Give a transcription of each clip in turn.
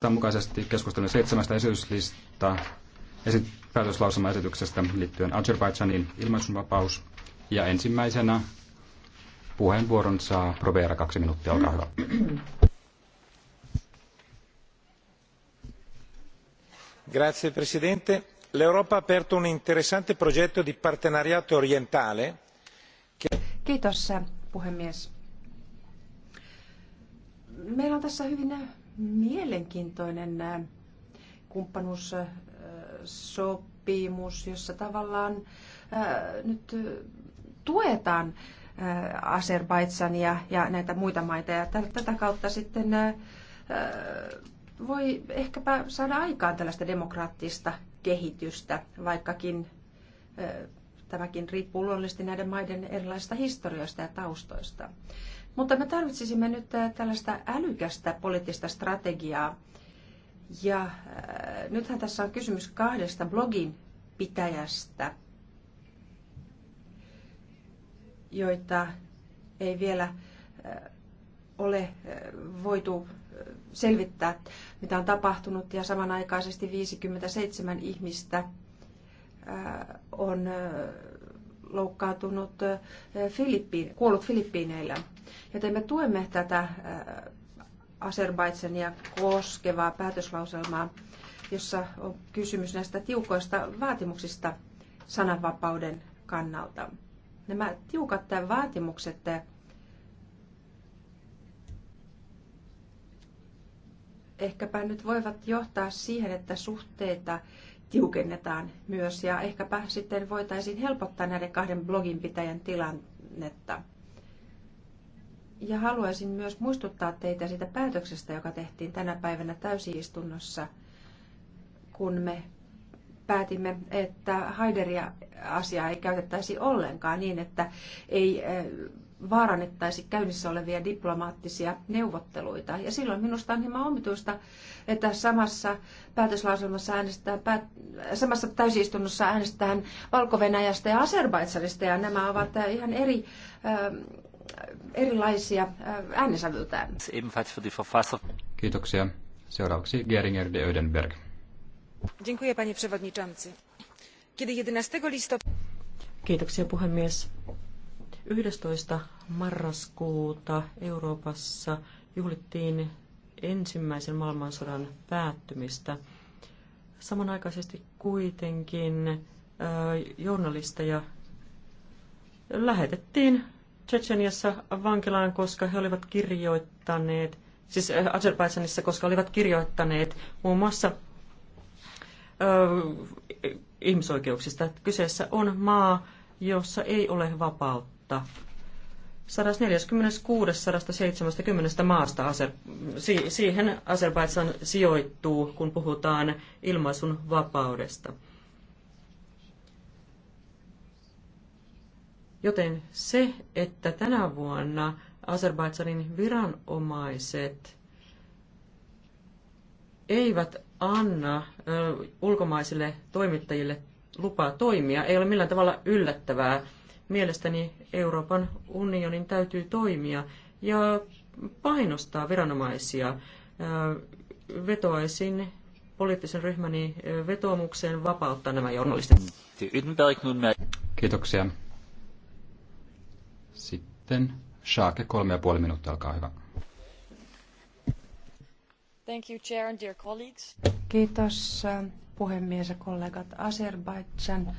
Tämän mukaisesti keskustelun seitsemästä esityslista esit- esityksestä liittyen Azerbaidžanin ilmaisunvapaus. Ja ensimmäisenä puheenvuoron saa Provera kaksi minuuttia, olkaa hyvä. Grazie Presidente. L'Europa ha aperto un interessante progetto di partenariato orientale. Che... Kiitos puhemies. Meillä on tässä hyvin mielenkiintoinen äh, kumppanuussopimus, äh, jossa tavallaan äh, nyt tuetaan Azerbaidsania ja näitä muita maita. Ja tätä kautta sitten voi ehkäpä saada aikaan tällaista demokraattista kehitystä, vaikkakin tämäkin riippuu luonnollisesti näiden maiden erilaisista historioista ja taustoista. Mutta me tarvitsisimme nyt äh, tällaista älykästä poliittista strategiaa. Ja äh, nythän tässä on kysymys kahdesta blogin pitäjästä, joita ei vielä äh, ole äh, voitu äh, selvittää, mitä on tapahtunut, ja samanaikaisesti 57 ihmistä äh, on loukkaantunut Filippi, kuollut Filippiineillä. Joten me tuemme tätä Azerbaidsania koskevaa päätöslauselmaa, jossa on kysymys näistä tiukoista vaatimuksista sananvapauden kannalta. Nämä tiukat vaatimukset ehkäpä nyt voivat johtaa siihen, että suhteita tiukennetaan myös ja ehkäpä sitten voitaisiin helpottaa näiden kahden blogin pitäjän tilannetta. Ja haluaisin myös muistuttaa teitä siitä päätöksestä, joka tehtiin tänä päivänä täysiistunnossa, kun me päätimme, että Haideria asiaa ei käytettäisi ollenkaan niin, että ei eh, vaarannettaisi käynnissä olevia diplomaattisia neuvotteluita. Ja silloin minusta on hieman omituista, että samassa päätöslauselmassa äänestetään, päät, samassa täysistunnossa äänestetään valko ja Azerbaidsanista, ja nämä ovat äh, ihan eri äh, erilaisia äh, äänensävyltään. Kiitoksia. Seuraavaksi Geringer de Ödenberg. Kiitoksia, puhemies. 11. marraskuuta Euroopassa juhlittiin ensimmäisen maailmansodan päättymistä. Samanaikaisesti kuitenkin journalisteja lähetettiin Tsetseniassa vankilaan, koska he olivat kirjoittaneet, siis Azerbaidsanissa, koska olivat kirjoittaneet muun muassa ihmisoikeuksista. Kyseessä on maa, jossa ei ole vapautta vuotta. 146-170 maasta Aser, si, siihen Azerbaidsan sijoittuu, kun puhutaan ilmaisun vapaudesta. Joten se, että tänä vuonna Azerbaidsanin viranomaiset eivät anna ulkomaisille toimittajille lupaa toimia, ei ole millään tavalla yllättävää Mielestäni Euroopan unionin täytyy toimia ja painostaa viranomaisia. Vetoaisin poliittisen ryhmäni vetoomukseen vapauttaa nämä journalistit. Kiitoksia. Sitten Shaake, kolme ja puoli minuuttia, olkaa hyvä. Thank you, Chair and dear colleagues. Kiitos puhemies ja kollegat, Azerbaidžan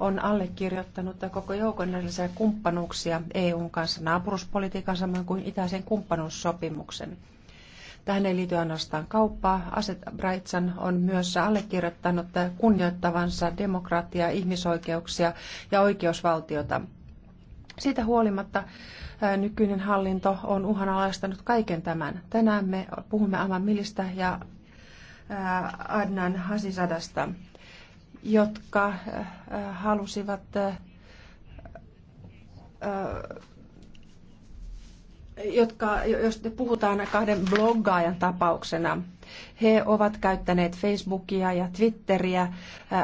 on allekirjoittanut koko joukon erilaisia kumppanuuksia EUn kanssa, naapuruspolitiikan samoin kuin itäisen kumppanuussopimuksen. Tähän ei liity ainoastaan kauppaa. Azerbaidžan on myös allekirjoittanut kunnioittavansa demokratiaa, ihmisoikeuksia ja oikeusvaltiota. Siitä huolimatta nykyinen hallinto on uhanalaistanut kaiken tämän. Tänään me puhumme Aman ja Adnan Hasisadasta, jotka halusivat jotka, jos puhutaan kahden bloggaajan tapauksena. He ovat käyttäneet Facebookia ja Twitteriä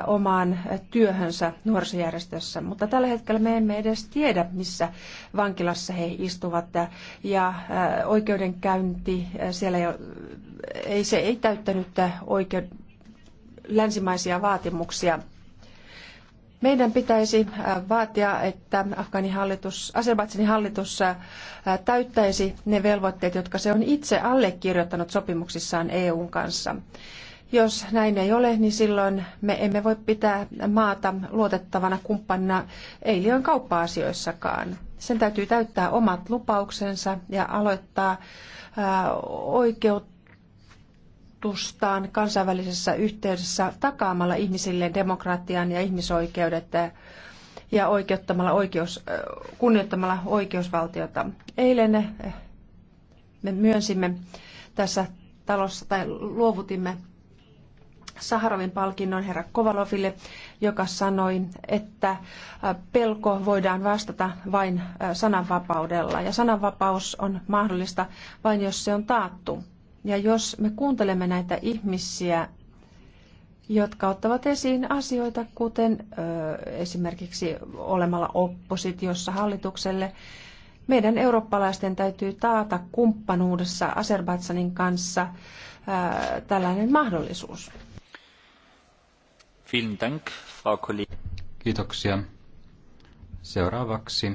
omaan työhönsä nuorisojärjestössä, mutta tällä hetkellä me emme edes tiedä, missä vankilassa he istuvat ja oikeudenkäynti, siellä ei, ei se ei täyttänyt oikeuden länsimaisia vaatimuksia meidän pitäisi äh, vaatia, että hallitus, Azerbaidsanin hallitus äh, täyttäisi ne velvoitteet, jotka se on itse allekirjoittanut sopimuksissaan EUn kanssa. Jos näin ei ole, niin silloin me emme voi pitää maata luotettavana kumppanina ei liian kauppa-asioissakaan. Sen täytyy täyttää omat lupauksensa ja aloittaa äh, oikeutta vastuustaan kansainvälisessä yhteydessä takaamalla ihmisille demokratian ja ihmisoikeudet ja oikeuttamalla oikeus, kunnioittamalla oikeusvaltiota. Eilen eh, me myönsimme tässä talossa tai luovutimme Saharovin palkinnon herra Kovaloville, joka sanoi, että pelko voidaan vastata vain sananvapaudella. Ja sananvapaus on mahdollista vain, jos se on taattu. Ja jos me kuuntelemme näitä ihmisiä, jotka ottavat esiin asioita, kuten ö, esimerkiksi olemalla oppositiossa hallitukselle, meidän eurooppalaisten täytyy taata kumppanuudessa Azerbaidsanin kanssa ö, tällainen mahdollisuus. Kiitoksia. Seuraavaksi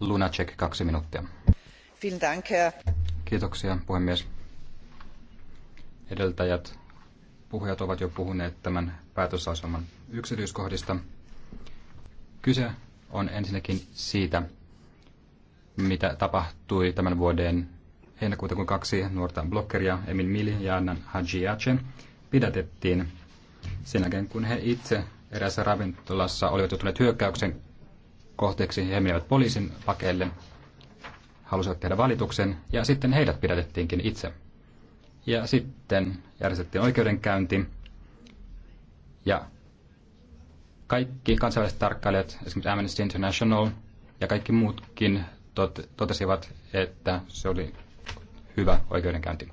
Lunacek kaksi minuuttia. Kiitoksia, puhemies. Edeltäjät puhujat ovat jo puhuneet tämän päätösaseman yksityiskohdista. Kyse on ensinnäkin siitä, mitä tapahtui tämän vuoden heinäkuuta, kun kaksi nuorta blokkeria, Emin Mili ja Annan Hajiace, pidätettiin sen jälkeen, kun he itse eräässä ravintolassa olivat joutuneet hyökkäyksen kohteeksi. He menivät poliisin pakeille halusivat tehdä valituksen ja sitten heidät pidätettiinkin itse. Ja sitten järjestettiin oikeudenkäynti ja kaikki kansainväliset tarkkailijat, esimerkiksi Amnesty International ja kaikki muutkin tot, totesivat, että se oli hyvä oikeudenkäynti.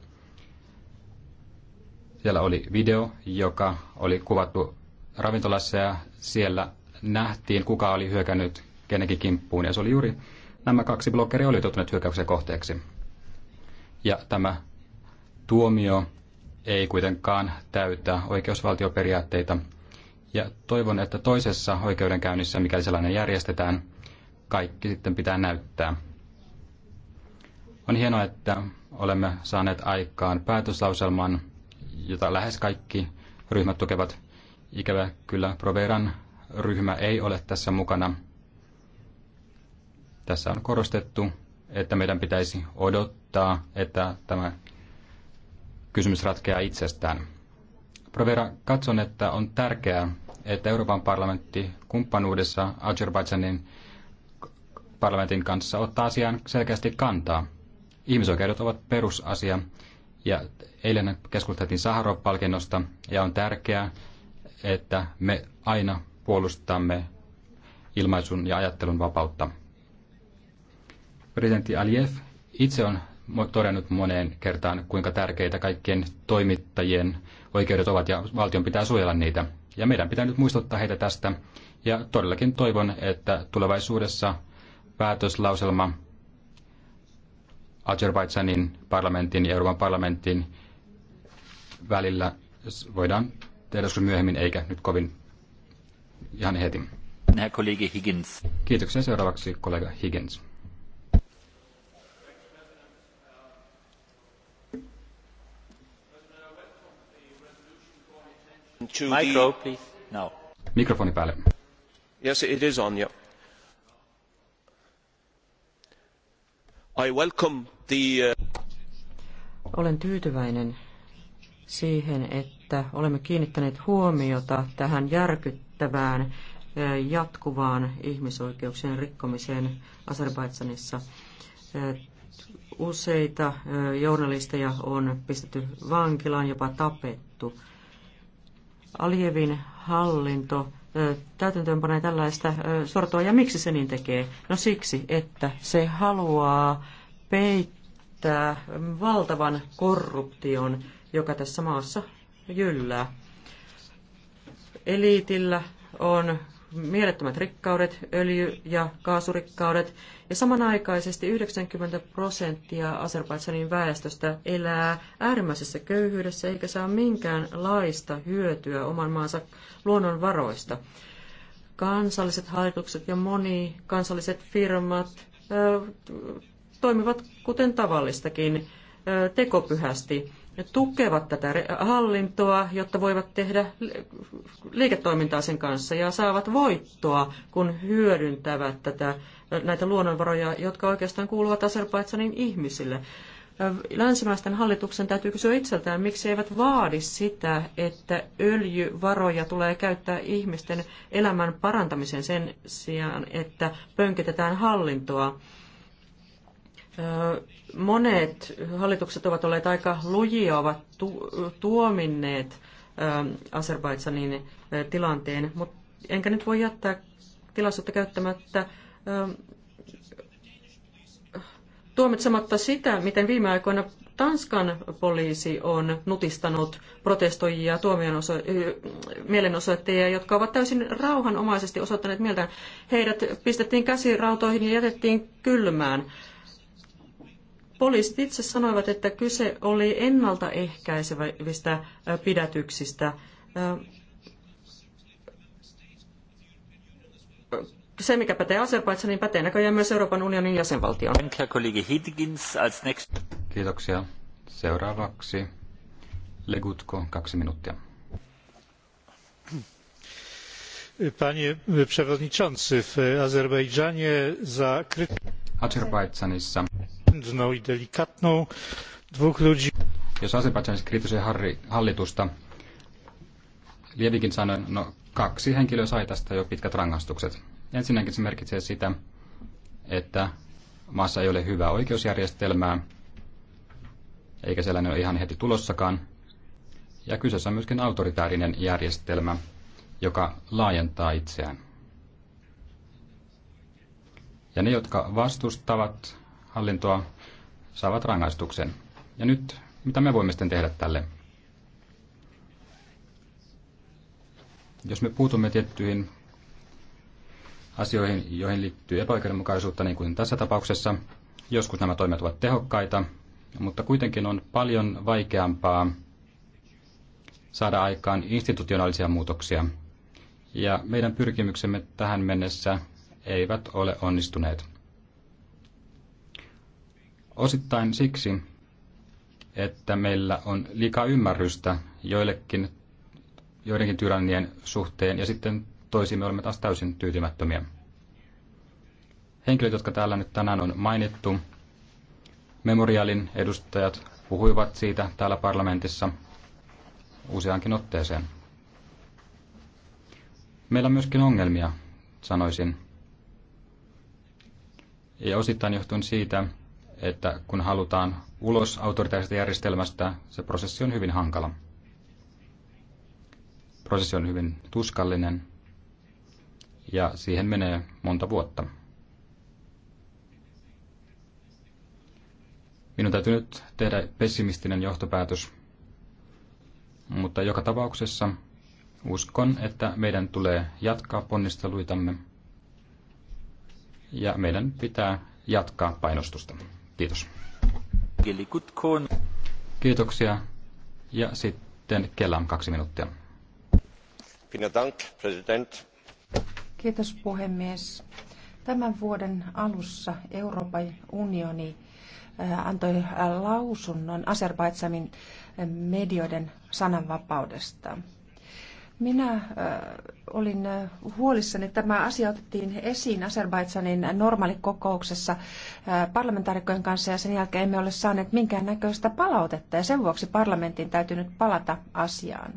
Siellä oli video, joka oli kuvattu ravintolassa ja siellä nähtiin, kuka oli hyökännyt kenenkin kimppuun. Ja se oli juuri nämä kaksi blokkeria oli joutuneet hyökkäyksen kohteeksi. Ja tämä tuomio ei kuitenkaan täytä oikeusvaltioperiaatteita. Ja toivon, että toisessa oikeudenkäynnissä, mikäli sellainen järjestetään, kaikki sitten pitää näyttää. On hienoa, että olemme saaneet aikaan päätöslauselman, jota lähes kaikki ryhmät tukevat. Ikävä kyllä Proveran ryhmä ei ole tässä mukana, tässä on korostettu, että meidän pitäisi odottaa, että tämä kysymys ratkeaa itsestään. Provera, katson, että on tärkeää, että Euroopan parlamentti kumppanuudessa Azerbaidžanin parlamentin kanssa ottaa asiaan selkeästi kantaa. Ihmisoikeudet ovat perusasia ja eilen keskusteltiin Saharov-palkinnosta ja on tärkeää, että me aina puolustamme ilmaisun ja ajattelun vapautta. Presidentti Aliyev itse on todennut moneen kertaan, kuinka tärkeitä kaikkien toimittajien oikeudet ovat ja valtion pitää suojella niitä. Ja meidän pitää nyt muistuttaa heitä tästä. Ja todellakin toivon, että tulevaisuudessa päätöslauselma Azerbaidsanin parlamentin ja Euroopan parlamentin välillä voidaan tehdä myöhemmin, eikä nyt kovin ihan heti. Herr Higgins. Kiitoksia seuraavaksi kollega Higgins. No. Uh, Olen tyytyväinen siihen, että olemme kiinnittäneet huomiota tähän järkyttävään uh, jatkuvaan ihmisoikeuksien rikkomiseen Azerbaidsanissa. Uh, useita journalisteja on pistetty vankilaan, jopa tapettu. Alievin hallinto täytäntöönpanee tällaista sortoa, ja miksi se niin tekee? No siksi, että se haluaa peittää valtavan korruption, joka tässä maassa jyllää. Eliitillä on mielettömät rikkaudet, öljy- ja kaasurikkaudet, ja samanaikaisesti 90 prosenttia Azerbaidsanin väestöstä elää äärimmäisessä köyhyydessä eikä saa minkäänlaista hyötyä oman maansa luonnonvaroista. Kansalliset hallitukset ja moni kansalliset firmat ö, toimivat kuten tavallistakin ö, tekopyhästi ne tukevat tätä hallintoa, jotta voivat tehdä liiketoimintaa sen kanssa ja saavat voittoa, kun hyödyntävät tätä, näitä luonnonvaroja, jotka oikeastaan kuuluvat Azerbaidsanin ihmisille. Länsimaisten hallituksen täytyy kysyä itseltään, miksi eivät vaadi sitä, että öljyvaroja tulee käyttää ihmisten elämän parantamiseen sen sijaan, että pönkitetään hallintoa. Monet hallitukset ovat olleet aika lujia, ovat tu- tuominneet ähm, Azerbaidsanin äh, tilanteen, mutta enkä nyt voi jättää tilaisuutta käyttämättä ähm, tuomitsematta sitä, miten viime aikoina Tanskan poliisi on nutistanut protestoijia, tuomionoso- äh, mielenosoittajia, jotka ovat täysin rauhanomaisesti osoittaneet mieltään. Heidät pistettiin käsirautoihin ja jätettiin kylmään. Poliisit itse sanoivat, että kyse oli ennaltaehkäisevistä pidätyksistä. Se, mikä pätee Azerbaidsanin, niin pätee näköjään myös Euroopan unionin jäsenvaltioon. Kiitoksia. Seuraavaksi Legutko, kaksi minuuttia. Panie przewodniczący, w Azerbejdżanie za... Azerbaidżanissa i delikatną dwóch ludzi. Jos Azerbaijanissa kritisoi hallitusta, Lievinkin sanoi, no kaksi henkilöä sai tästä jo pitkät rangaistukset. Ensinnäkin se merkitsee sitä, että maassa ei ole hyvää oikeusjärjestelmää, eikä sellainen ole ihan heti tulossakaan. Ja kyseessä on myöskin autoritäärinen järjestelmä, joka laajentaa itseään. Ja ne, jotka vastustavat hallintoa saavat rangaistuksen. Ja nyt, mitä me voimme sitten tehdä tälle? Jos me puutumme tiettyihin asioihin, joihin liittyy epäoikeudenmukaisuutta, niin kuin tässä tapauksessa, joskus nämä toimet ovat tehokkaita, mutta kuitenkin on paljon vaikeampaa saada aikaan institutionaalisia muutoksia. Ja meidän pyrkimyksemme tähän mennessä eivät ole onnistuneet. Osittain siksi, että meillä on liikaa ymmärrystä joillekin, joidenkin tyrannien suhteen ja sitten toisiin me olemme taas täysin tyytymättömiä. Henkilöt, jotka täällä nyt tänään on mainittu, Memorialin edustajat puhuivat siitä täällä parlamentissa useankin otteeseen. Meillä on myöskin ongelmia, sanoisin. Ja osittain johtuen siitä, että kun halutaan ulos autoritaarisesta järjestelmästä, se prosessi on hyvin hankala. Prosessi on hyvin tuskallinen ja siihen menee monta vuotta. Minun täytyy nyt tehdä pessimistinen johtopäätös, mutta joka tapauksessa uskon, että meidän tulee jatkaa ponnisteluitamme ja meidän pitää jatkaa painostusta. Kiitos. Kiitoksia. Ja sitten Kellan kaksi minuuttia. Kiitos puhemies. Tämän vuoden alussa Euroopan unioni äh, antoi äh, lausunnon Azerbaidsanin äh, medioiden sananvapaudesta. Minä äh, olin äh, huolissani, että tämä asia otettiin esiin Azerbaidsanin normaalikokouksessa äh, parlamentaarikkojen kanssa ja sen jälkeen emme ole saaneet minkäännäköistä palautetta ja sen vuoksi parlamentin täytyy nyt palata asiaan.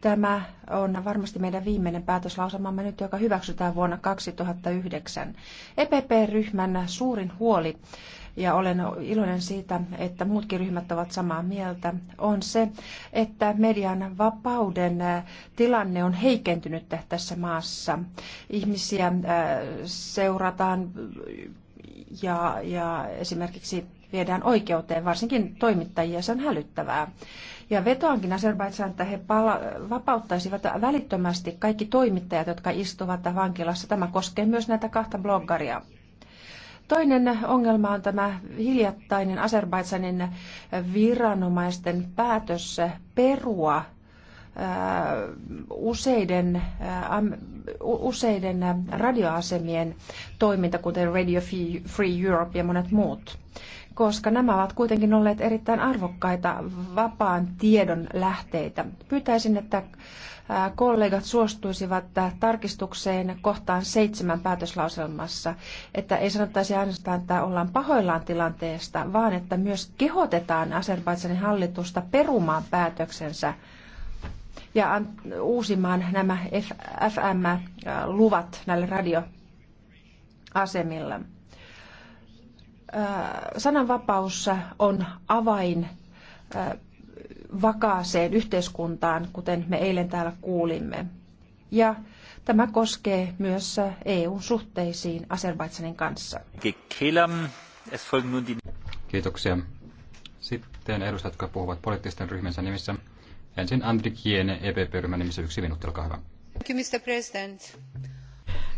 Tämä on varmasti meidän viimeinen päätöslausamamme nyt, joka hyväksytään vuonna 2009. EPP-ryhmän suurin huoli ja olen iloinen siitä, että muutkin ryhmät ovat samaa mieltä, on se, että median vapauden äh, tilanne on heikentynyt tässä maassa. Ihmisiä äh, seurataan äh, ja, ja esimerkiksi viedään oikeuteen, varsinkin toimittajia, se on hälyttävää. Ja vetoankin Azerbaidsaan, että he pala- vapauttaisivat välittömästi kaikki toimittajat, jotka istuvat vankilassa. Tämä koskee myös näitä kahta bloggaria. Toinen ongelma on tämä hiljattainen Azerbaidsanin viranomaisten päätös perua äh, useiden, äh, useiden radioasemien toiminta, kuten Radio Free Europe ja monet muut koska nämä ovat kuitenkin olleet erittäin arvokkaita vapaan tiedon lähteitä. Pyytäisin, että kollegat suostuisivat tarkistukseen kohtaan seitsemän päätöslauselmassa, että ei sanottaisi ainoastaan, että ollaan pahoillaan tilanteesta, vaan että myös kehotetaan Aserbaidsanin hallitusta perumaan päätöksensä ja uusimaan nämä FM-luvat näille radioasemille sananvapaus on avain vakaaseen yhteiskuntaan, kuten me eilen täällä kuulimme. Ja tämä koskee myös EU-suhteisiin Azerbaidsanin kanssa. Kiitoksia. Sitten edustajat, jotka puhuvat poliittisten ryhmänsä nimissä. Ensin Andri Kiene, EPP-ryhmän nimissä yksi minuutti, olkaa hyvä.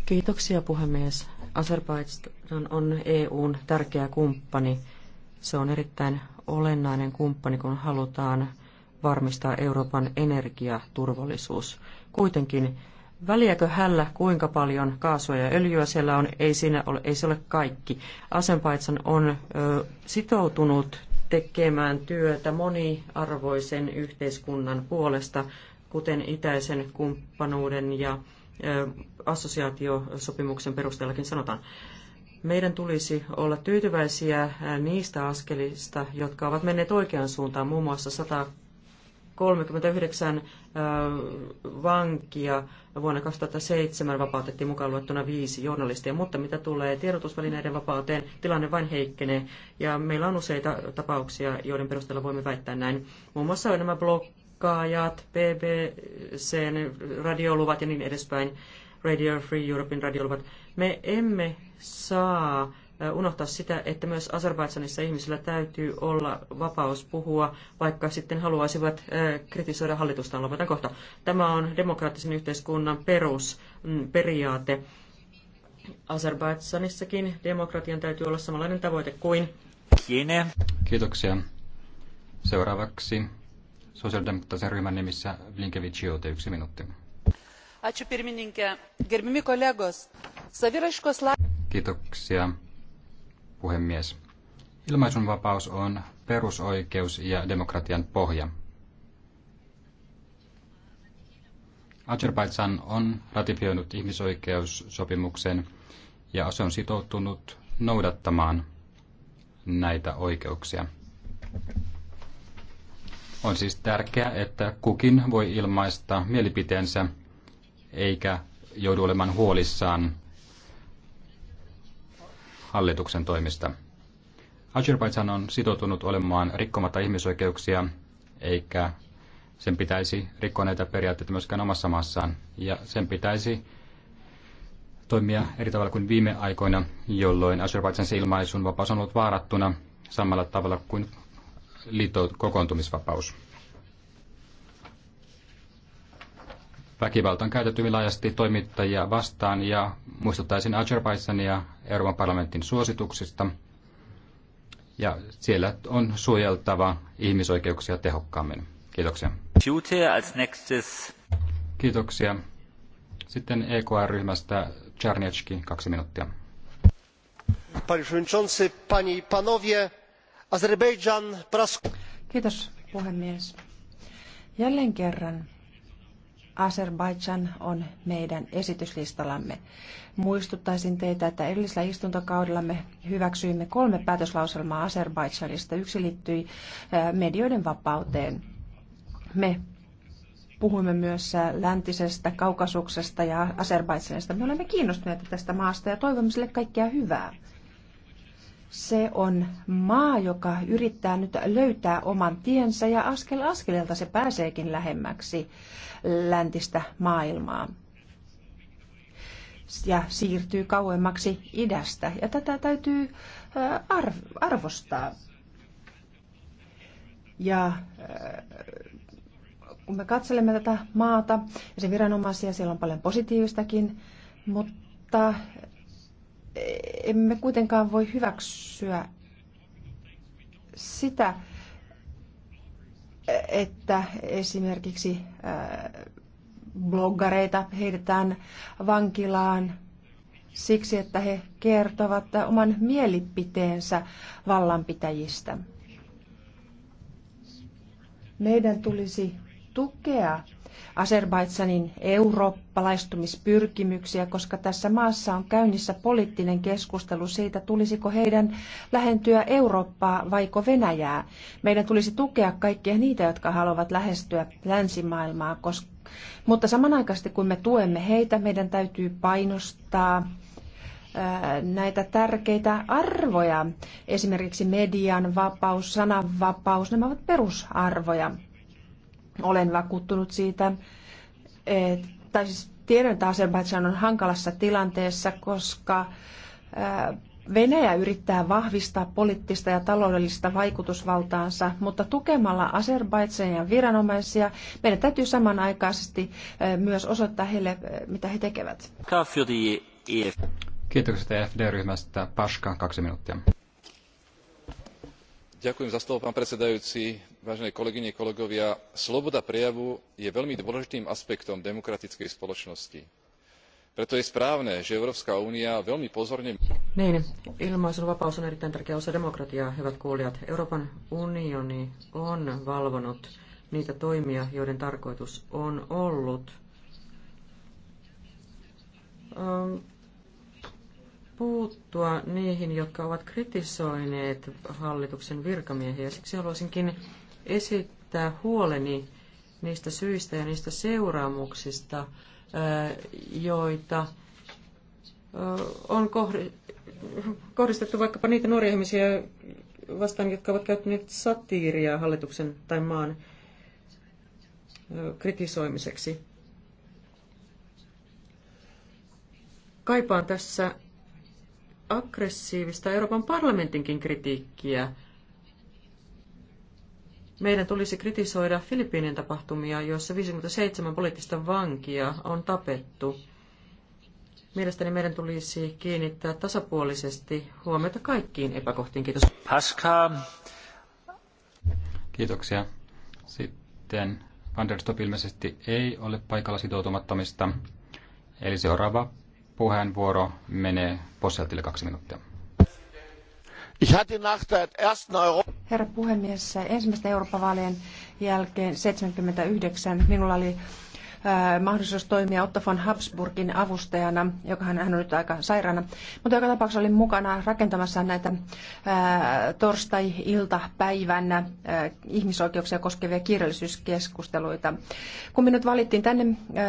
Kiitoksia puhemies. Azerbaidžan on EUn tärkeä kumppani. Se on erittäin olennainen kumppani, kun halutaan varmistaa Euroopan energiaturvallisuus. Kuitenkin Väliäkö hällä, kuinka paljon kaasua ja öljyä siellä on, ei, siinä ole, ei se ole kaikki. Asenpaitsan on ö, sitoutunut tekemään työtä moniarvoisen yhteiskunnan puolesta, kuten itäisen kumppanuuden ja assosiaatiosopimuksen perusteellakin sanotaan. Meidän tulisi olla tyytyväisiä niistä askelista, jotka ovat menneet oikeaan suuntaan, muun muassa 139 vankia vuonna 2007 vapautettiin mukaan luettuna viisi journalistia, mutta mitä tulee tiedotusvälineiden vapauteen, tilanne vain heikkenee. Ja meillä on useita tapauksia, joiden perusteella voimme väittää näin. Muun muassa nämä blog tarkkaajat, BBCn radioluvat ja niin edespäin, Radio Free Europein radioluvat. Me emme saa unohtaa sitä, että myös Azerbaidsanissa ihmisillä täytyy olla vapaus puhua, vaikka sitten haluaisivat kritisoida hallitustaan. Lopetan kohta. Tämä on demokraattisen yhteiskunnan perusperiaate. Mm, Azerbaidsanissakin demokratian täytyy olla samanlainen tavoite kuin... Kiine. Kiitoksia. Seuraavaksi sosiaalidemokraattisen ryhmän nimissä Blinkevichiute yksi minuutti. Kiitoksia, puhemies. Ilmaisunvapaus on perusoikeus ja demokratian pohja. Azerbaidsan on ratifioinut ihmisoikeussopimuksen ja se on sitoutunut noudattamaan näitä oikeuksia. On siis tärkeää, että kukin voi ilmaista mielipiteensä eikä joudu olemaan huolissaan hallituksen toimista. Azerbaidsan on sitoutunut olemaan rikkomatta ihmisoikeuksia, eikä sen pitäisi rikkoa näitä periaatteita myöskään omassa maassaan. Ja sen pitäisi toimia eri tavalla kuin viime aikoina, jolloin Azerbaidsan ilmaisun vapaus on ollut vaarattuna samalla tavalla kuin liitto kokoontumisvapaus. Väkivalta on käytetty laajasti toimittajia vastaan ja muistuttaisin Azerbaidsania Euroopan parlamentin suosituksista. Ja siellä on suojeltava ihmisoikeuksia tehokkaammin. Kiitoksia. Kiitoksia. Sitten EKR-ryhmästä Czarniecki, kaksi minuuttia. Panie przewodniczący, panie i panowie, arvoisa Kiitos puhemies. Jälleen kerran azerbaidan on meidän esityslistallamme. Muistuttaisin teitä, että edellisellä istuntokaudella me hyväksyimme kolme päätöslauselmaa azerbaidanista Yksi liittyi medioiden vapauteen. Me puhuimme myös läntisestä Kaukasuksesta ja Azerbaidžanista. Me olemme kiinnostuneita tästä maasta ja toivomme sille kaikkea hyvää se on maa, joka yrittää nyt löytää oman tiensä ja askel askeleelta se pääseekin lähemmäksi läntistä maailmaa ja siirtyy kauemmaksi idästä. Ja tätä täytyy arvostaa. Ja kun me katselemme tätä maata ja sen viranomaisia, siellä on paljon positiivistakin, mutta emme kuitenkaan voi hyväksyä sitä, että esimerkiksi äh, bloggareita heitetään vankilaan siksi, että he kertovat oman mielipiteensä vallanpitäjistä. Meidän tulisi tukea Azerbaidsanin eurooppalaistumispyrkimyksiä, koska tässä maassa on käynnissä poliittinen keskustelu siitä, tulisiko heidän lähentyä Eurooppaa vaiko Venäjää. Meidän tulisi tukea kaikkia niitä, jotka haluavat lähestyä länsimaailmaa, koska, mutta samanaikaisesti kun me tuemme heitä, meidän täytyy painostaa näitä tärkeitä arvoja, esimerkiksi median vapaus, sananvapaus, nämä ovat perusarvoja. Olen vakuuttunut siitä, että, tai siis tiedän, että Azerbaijan on hankalassa tilanteessa, koska Venäjä yrittää vahvistaa poliittista ja taloudellista vaikutusvaltaansa, mutta tukemalla ja viranomaisia meidän täytyy samanaikaisesti myös osoittaa heille, mitä he tekevät. Kiitokset EFD-ryhmästä. Paska, kaksi minuuttia sloboda prejavu je veľmi dôležitým aspektom demokratickej spoločnosti. preto je správne že európska únia veľmi pozorne. niin ilmaisunvapaus on erittäin tärkeä osa demokratiaa hyvät kuulijat. euroopan unioni on valvonut niitä toimia joiden tarkoitus on ollut ähm, puuttua niihin, jotka ovat kritisoineet hallituksen virkamiehiä. Siksi haluaisinkin esittää huoleni niistä syistä ja niistä seuraamuksista, joita on kohdistettu vaikkapa niitä nuoria ihmisiä vastaan, jotka ovat käyttäneet satiiria hallituksen tai maan kritisoimiseksi. Kaipaan tässä aggressiivista Euroopan parlamentinkin kritiikkiä. Meidän tulisi kritisoida Filippiinien tapahtumia, joissa 57 poliittista vankia on tapettu. Mielestäni meidän tulisi kiinnittää tasapuolisesti huomiota kaikkiin epäkohtiin. Kiitos. Paskaa. Kiitoksia. Sitten Van der Stop ilmeisesti ei ole paikalla sitoutumattomista. Eli seuraava puheenvuoro menee Posseltille kaksi minuuttia. Herra puhemies, ensimmäisten Euroopan vaalien jälkeen 79 minulla oli mahdollisuus toimia Otto von Habsburgin avustajana, joka hän on nyt aika sairaana, mutta joka tapauksessa oli mukana rakentamassa näitä torstai-iltapäivän ihmisoikeuksia koskevia kirjallisuuskeskusteluita. Kun minut valittiin tänne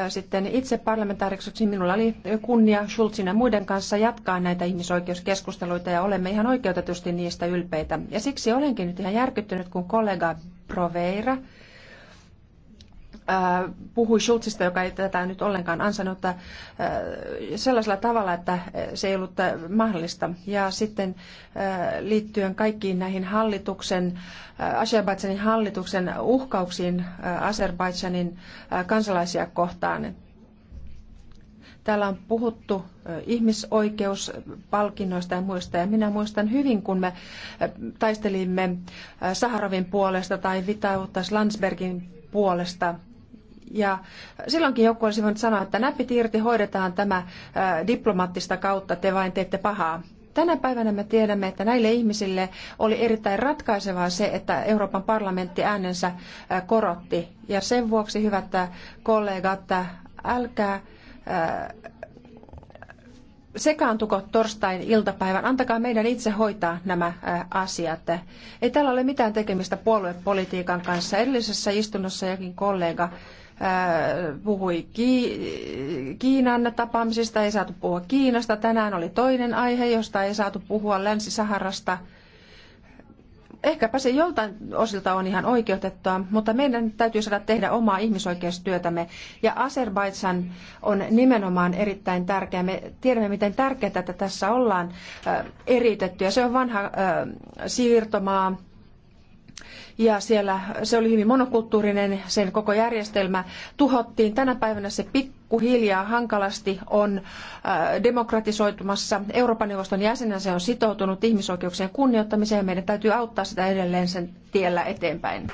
sitten itse parlamentaarikoksi, minulla oli kunnia Schulzin ja muiden kanssa jatkaa näitä ihmisoikeuskeskusteluita ja olemme ihan oikeutetusti niistä ylpeitä. Ja siksi olenkin nyt ihan järkyttynyt, kun kollega Proveira, Äh, puhui Schulzista, joka ei tätä nyt ollenkaan ansainnut, äh, sellaisella tavalla, että äh, se ei ollut mahdollista. Ja sitten liittyen kaikkiin näihin hallituksen, Azerbaidsanin hallituksen uhkauksiin Azerbaidsanin kansalaisia kohtaan. Täällä on puhuttu ihmisoikeuspalkinnoista ja muista, ja minä muistan hyvin, kun me taistelimme Saharovin puolesta tai Vitautas Landsbergin puolesta ja silloinkin joku olisi voinut sanoa, että näppit irti, hoidetaan tämä äh, diplomaattista kautta, te vain teette pahaa. Tänä päivänä me tiedämme, että näille ihmisille oli erittäin ratkaisevaa se, että Euroopan parlamentti äänensä äh, korotti. Ja sen vuoksi, hyvät äh, kollegat, älkää sekaantuko torstain iltapäivän. Antakaa meidän itse hoitaa nämä asiat. Ei täällä ole mitään tekemistä puoluepolitiikan kanssa. Edellisessä istunnossa jokin kollega puhui Kiinan tapaamisista ei saatu puhua Kiinasta. Tänään oli toinen aihe, josta ei saatu puhua Länsi-Saharasta. Ehkäpä se joltain osilta on ihan oikeutettua, mutta meidän täytyy saada tehdä omaa ihmisoikeustyötämme. Ja Azerbaidsan on nimenomaan erittäin tärkeä. Me tiedämme, miten tärkeää, että tässä ollaan eritetty. Ja se on vanha siirtomaa, ja siellä se oli hyvin monokulttuurinen, sen koko järjestelmä tuhottiin. Tänä päivänä se pikkuhiljaa hankalasti on äh, demokratisoitumassa. Euroopan neuvoston jäsenä se on sitoutunut ihmisoikeuksien kunnioittamiseen ja meidän täytyy auttaa sitä edelleen sen tiellä eteenpäin.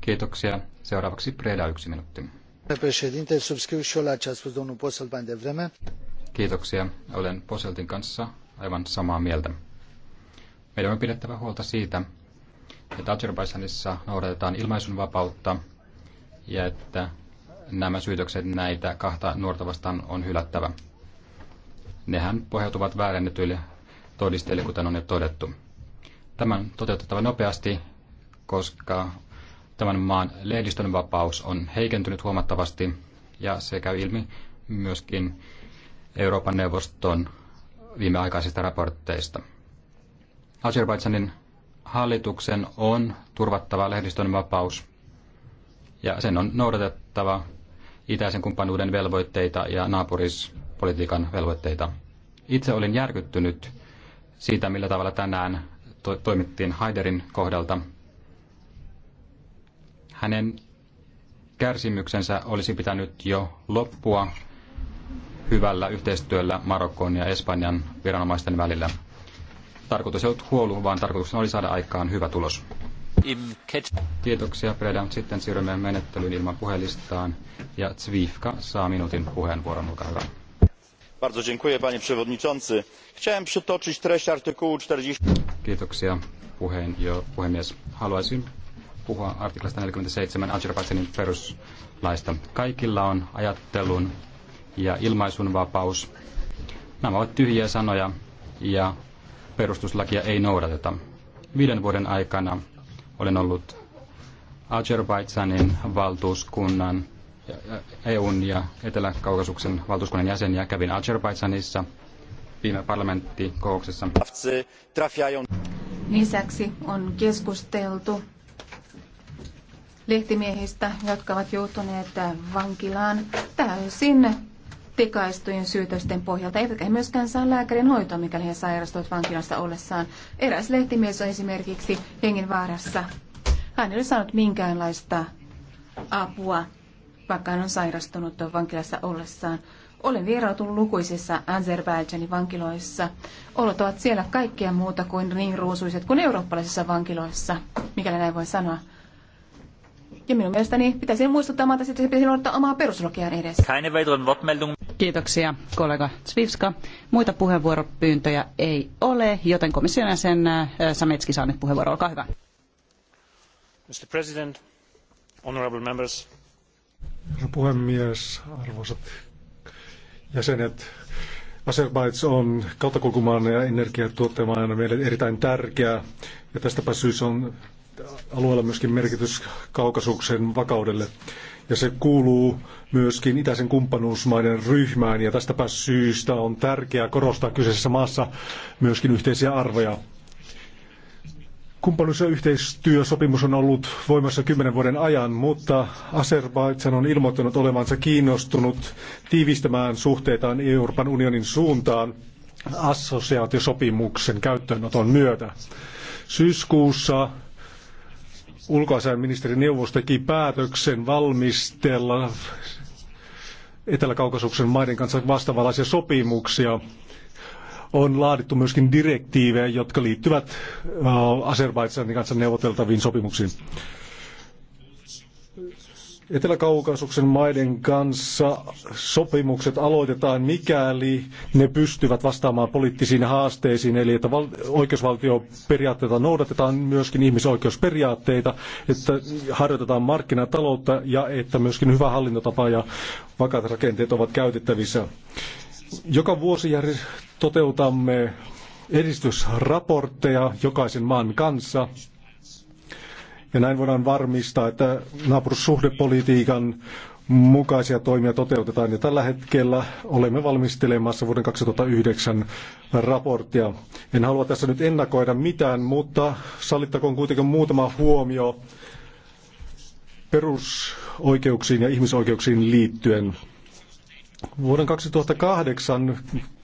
Kiitoksia. Seuraavaksi Preda yksi minuutti. Kiitoksia. Olen Poseltin kanssa aivan samaa mieltä. Meidän on pidettävä huolta siitä, että Azerbaijanissa noudatetaan ilmaisunvapautta ja että nämä syytökset näitä kahta nuorta vastaan on hylättävä. Nehän pohjautuvat väärennetyille todisteille, kuten on jo todettu. Tämän toteutettava nopeasti, koska tämän maan lehdistön vapaus on heikentynyt huomattavasti ja se käy ilmi myöskin Euroopan neuvoston viimeaikaisista raportteista. Azerbaidsanin hallituksen on turvattava lehdistön vapaus ja sen on noudatettava itäisen kumppanuuden velvoitteita ja naapurispolitiikan velvoitteita. Itse olin järkyttynyt siitä, millä tavalla tänään to- toimittiin Haiderin kohdalta. Hänen kärsimyksensä olisi pitänyt jo loppua hyvällä yhteistyöllä Marokkoon ja Espanjan viranomaisten välillä tarkoitus ei ollut huolu, vaan tarkoitus oli saada aikaan hyvä tulos. Kiitoksia, Preda. Sitten siirrymme menettelyyn ilman puhelistaan. Ja Zwifka saa minuutin puheenvuoron, olkaa hyvä. Bardzo dziękuję, panie przewodniczący. Chciałem przytoczyć treść artykułu 40... Kiitoksia, puheen, jo, puhemies. Haluaisin puhua artiklasta 47 Azerbaidžanin peruslaista. Kaikilla on ajattelun ja ilmaisun vapaus. Nämä ovat tyhjiä sanoja ja perustuslakia ei noudateta. Viiden vuoden aikana olen ollut Azerbaidsanin valtuuskunnan, EUn ja Etelä-Kaukasuksen valtuuskunnan jäsen ja kävin Azerbaidsanissa viime parlamenttikokouksessa. Lisäksi on keskusteltu lehtimiehistä, jotka ovat joutuneet vankilaan täysin pikaistujen syytösten pohjalta, eivätkä he myöskään saa lääkärin hoitoa, mikäli he sairastuvat vankilasta ollessaan. Eräs lehtimies on esimerkiksi hengenvaarassa. Hän ei ole saanut minkäänlaista apua, vaikka hän on sairastunut vankilassa ollessaan. Olen vierautunut lukuisissa Azerbaijanin vankiloissa. Olot ovat siellä kaikkea muuta kuin niin ruusuiset kuin eurooppalaisissa vankiloissa, mikäli näin voi sanoa. Ja minun mielestäni pitäisi muistuttaa että se pitäisi noudattaa omaa perustuslakiaan edes. Kiitoksia kollega Zvivska. Muita puheenvuoropyyntöjä ei ole, joten komission jäsen äh, Sametski saa nyt puheenvuoron. Olkaa hyvä. Mr. President, honorable members. Herra puhemies, arvoisat jäsenet, Azerbaids on kauttakulkumaana ja energiatuottajamaana meille erittäin tärkeä ja tästäpä syystä on alueella myöskin merkitys kaukasuksen vakaudelle. Ja se kuuluu myöskin itäisen kumppanuusmaiden ryhmään ja tästäpä syystä on tärkeää korostaa kyseisessä maassa myöskin yhteisiä arvoja. Kumppanuus- ja yhteistyösopimus on ollut voimassa kymmenen vuoden ajan, mutta Azerbaidsan on ilmoittanut olevansa kiinnostunut tiivistämään suhteitaan Euroopan unionin suuntaan assosiaatiosopimuksen käyttöönoton myötä. Syyskuussa Ulkoasiainministerineuvos teki päätöksen valmistella Etelä-Kaukasuksen maiden kanssa vastaavanlaisia sopimuksia. On laadittu myöskin direktiivejä, jotka liittyvät Azerbaidsanin kanssa neuvoteltaviin sopimuksiin. Etelä-Kaukasuksen maiden kanssa sopimukset aloitetaan, mikäli ne pystyvät vastaamaan poliittisiin haasteisiin, eli että val- oikeusvaltioperiaatteita noudatetaan, myöskin ihmisoikeusperiaatteita, että harjoitetaan markkinataloutta ja että myöskin hyvä hallintotapa ja vakaat rakenteet ovat käytettävissä. Joka vuosi toteutamme edistysraportteja jokaisen maan kanssa ja näin voidaan varmistaa, että naapurussuhdepolitiikan mukaisia toimia toteutetaan. Ja tällä hetkellä olemme valmistelemassa vuoden 2009 raporttia. En halua tässä nyt ennakoida mitään, mutta sallittakoon kuitenkin muutama huomio perusoikeuksiin ja ihmisoikeuksiin liittyen. Vuoden 2008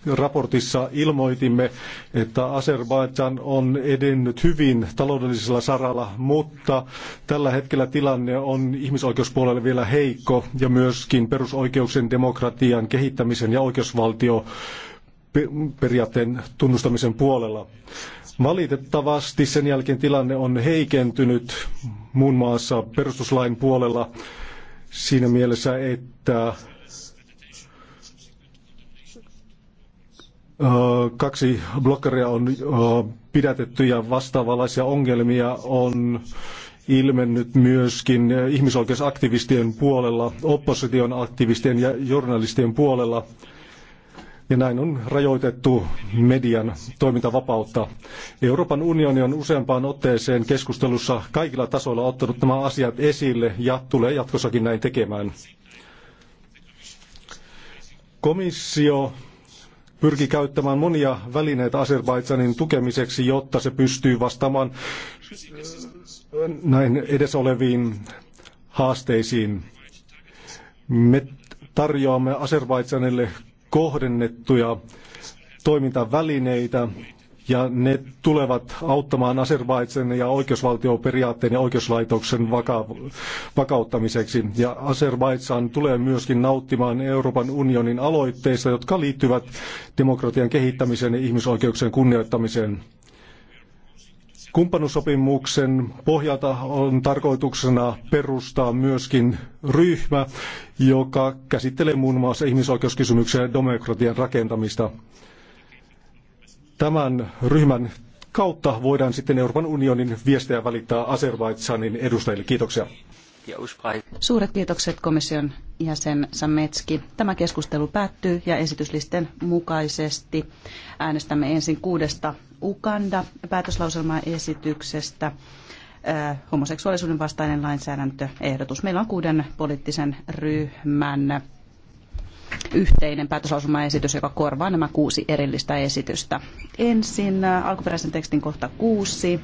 raportissa ilmoitimme, että Azerbaidžan on edennyt hyvin taloudellisella saralla, mutta tällä hetkellä tilanne on ihmisoikeuspuolella vielä heikko ja myöskin perusoikeuksien, demokratian kehittämisen ja oikeusvaltio periaatteen tunnustamisen puolella. Valitettavasti sen jälkeen tilanne on heikentynyt muun muassa perustuslain puolella siinä mielessä, että kaksi blokkaria on pidätetty ja vastaavanlaisia ongelmia on ilmennyt myöskin ihmisoikeusaktivistien puolella, opposition aktivistien ja journalistien puolella. Ja näin on rajoitettu median toimintavapautta. Euroopan unioni on useampaan otteeseen keskustelussa kaikilla tasoilla ottanut nämä asiat esille ja tulee jatkossakin näin tekemään. Komissio pyrki käyttämään monia välineitä Azerbaidsanin tukemiseksi, jotta se pystyy vastaamaan näin edessä oleviin haasteisiin. Me tarjoamme Azerbaidsanille kohdennettuja toimintavälineitä ja ne tulevat auttamaan Azerbaidsen ja oikeusvaltioperiaatteen ja oikeuslaitoksen vaka- vakauttamiseksi. Ja Azerbaidsan tulee myöskin nauttimaan Euroopan unionin aloitteista, jotka liittyvät demokratian kehittämiseen ja ihmisoikeuksien kunnioittamiseen. Kumppanuussopimuksen pohjalta on tarkoituksena perustaa myöskin ryhmä, joka käsittelee muun muassa ihmisoikeuskysymyksiä ja demokratian rakentamista. Tämän ryhmän kautta voidaan sitten Euroopan unionin viestejä välittää Azerbaidsanin edustajille. Kiitoksia. Suuret kiitokset komission jäsen Sametski. Tämä keskustelu päättyy ja esityslisten mukaisesti äänestämme ensin kuudesta Uganda päätöslauselmaa esityksestä äh, homoseksuaalisuuden vastainen lainsäädäntöehdotus. Meillä on kuuden poliittisen ryhmän yhteinen päätöslausumaesitys, joka korvaa nämä kuusi erillistä esitystä. Ensin äh, alkuperäisen tekstin kohta kuusi.